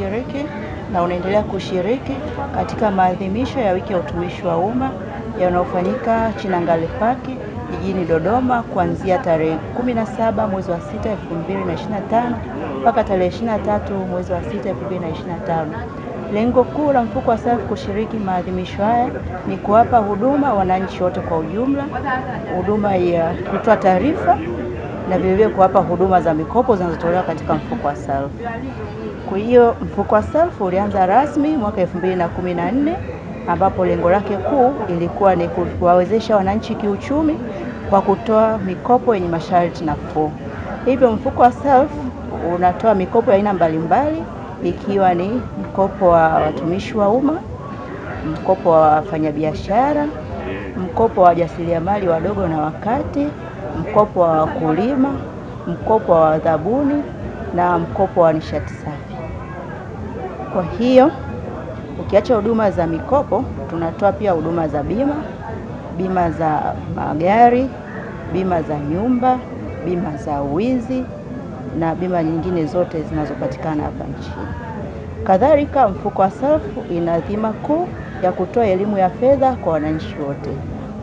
kushiriki na unaendelea kushiriki katika maadhimisho ya wiki ya utumishi wa umma yanayofanyika Chinangali Park jijini Dodoma kuanzia tarehe 17 mwezi wa 6 2025 mpaka tarehe 23 mwezi wa 6 2025. Lengo kuu la mfuko wa safi kushiriki maadhimisho haya ni kuwapa huduma wananchi wote kwa ujumla, huduma ya kutoa taarifa na vilevile kuwapa huduma za mikopo zinazotolewa katika mfuko wa SELF. Kwa hiyo mfuko wa SELF ulianza rasmi mwaka 2014 ambapo lengo lake kuu ilikuwa ni kuwawezesha wananchi kiuchumi kwa kutoa mikopo yenye masharti nafuu. Hivyo mfuko wa SELF unatoa mikopo ya aina mbalimbali ikiwa ni mkopo wa watumishi wa umma, mkopo wa wafanyabiashara, mkopo wa wajasiriamali wadogo na wakati mkopo wa wakulima, mkopo wa dhabuni na mkopo wa nishati safi. Kwa hiyo ukiacha huduma za mikopo, tunatoa pia huduma za bima, bima za magari, bima za nyumba, bima za uwizi na bima nyingine zote zinazopatikana hapa nchini. Kadhalika, mfuko wa safu ina dhima kuu ya kutoa elimu ya fedha kwa wananchi wote.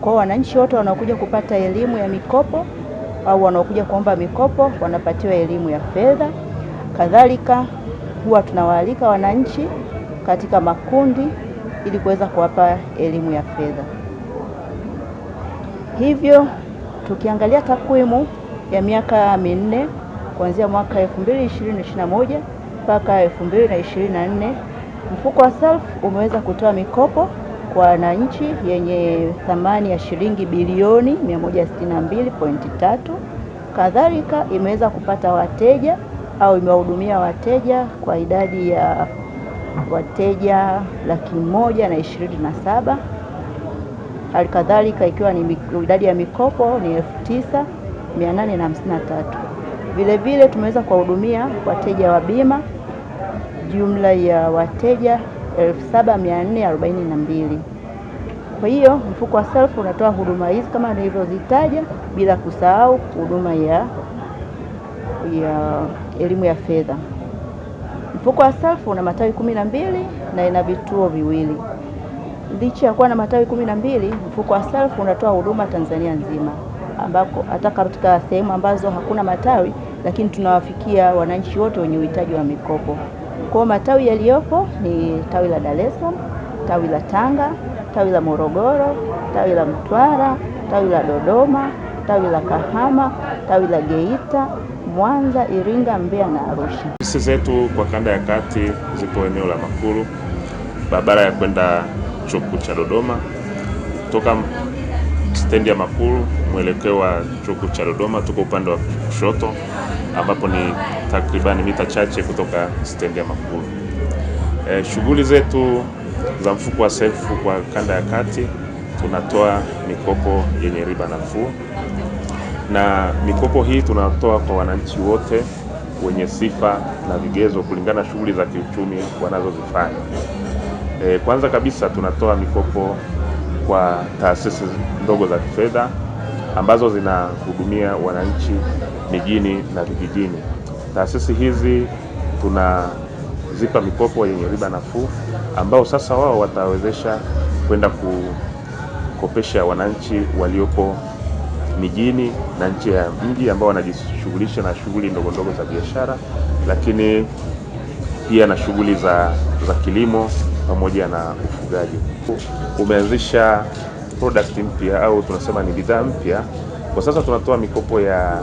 Kwa hiyo wananchi wote wanaokuja kupata elimu ya mikopo au wanaokuja kuomba mikopo wanapatiwa elimu ya fedha. Kadhalika huwa tunawaalika wananchi katika makundi ili kuweza kuwapa elimu ya fedha. Hivyo tukiangalia takwimu ya miaka minne kuanzia mwaka 2021 mpaka 2024 mfuko wa SELF umeweza kutoa mikopo kwa wananchi yenye thamani ya shilingi bilioni 162.3. Kadhalika imeweza kupata wateja au imewahudumia wateja kwa idadi ya wateja laki moja na ishirini na saba. Halikadhalika ikiwa ni idadi ya mikopo ni elfu tisa mia nane na hamsini na tatu. Vile vile tumeweza kuwahudumia wateja wa bima jumla ya wateja 7442. Kwa hiyo mfuko wa SELF unatoa huduma hizi kama nilivyozitaja, bila kusahau huduma ya ya elimu ya fedha. Mfuko wa SELF una matawi kumi na mbili na ina vituo viwili. Licha ya kuwa na matawi kumi na mbili, mfuko wa SELF unatoa huduma Tanzania nzima, ambako hata katika sehemu ambazo hakuna matawi, lakini tunawafikia wananchi wote wenye uhitaji wa mikopo. Kwa matawi yaliyopo ni tawi la Dar es Salaam, tawi la Tanga, tawi la Morogoro, tawi la Mtwara, tawi la Dodoma, tawi la Kahama, tawi la Geita, Mwanza, Iringa, Mbeya na Arusha. Ofisi zetu kwa kanda ya kati zipo eneo la Makulu, barabara ya kwenda chuo kikuu cha Dodoma, toka stendi ya Makulu mwelekeo wa chuku cha Dodoma. Tuko upande wa kushoto ambapo ni takribani mita chache kutoka stendi ya Makulu. E, shughuli zetu za mfuko wa sefu kwa kanda ya kati, tunatoa mikopo yenye riba nafuu, na mikopo hii tunatoa kwa wananchi wote wenye sifa na vigezo kulingana na shughuli za kiuchumi wanazozifanya. E, kwanza kabisa tunatoa mikopo kwa taasisi ndogo za kifedha ambazo zinahudumia wananchi mijini na vijijini. Taasisi hizi tunazipa mikopo yenye riba nafuu, ambao sasa wao watawezesha kwenda kukopesha wananchi waliopo mijini na nje ya mji ambao wanajishughulisha na shughuli ndogo ndogo za biashara, lakini pia na shughuli za, za kilimo pamoja na ufugaji. Umeanzisha product mpya au tunasema ni bidhaa mpya. Kwa sasa tunatoa mikopo ya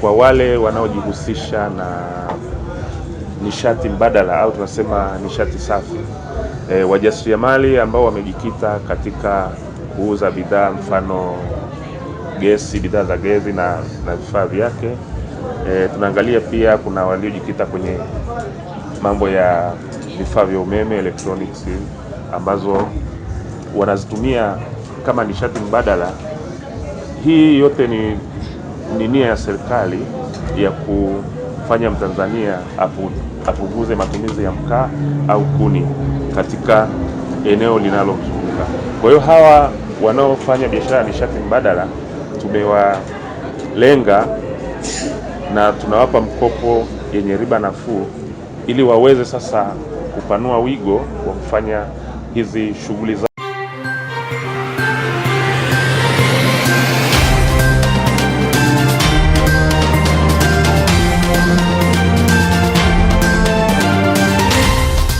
kwa wale wanaojihusisha na nishati mbadala au tunasema nishati safi e, wajasiriamali ambao wamejikita katika kuuza bidhaa mfano gesi, bidhaa za gesi na na vifaa vyake. E, tunaangalia pia kuna waliojikita kwenye mambo ya vifaa vya umeme electronics ambazo wanazitumia kama nishati mbadala. Hii yote ni, ni nia ya serikali ya kufanya Mtanzania apu, apunguze matumizi ya mkaa au kuni katika eneo linalomzunguka. Kwa hiyo hawa wanaofanya biashara ya nishati mbadala tumewalenga na tunawapa mkopo yenye riba nafuu ili waweze sasa kupanua wigo wa kufanya hizi shughuli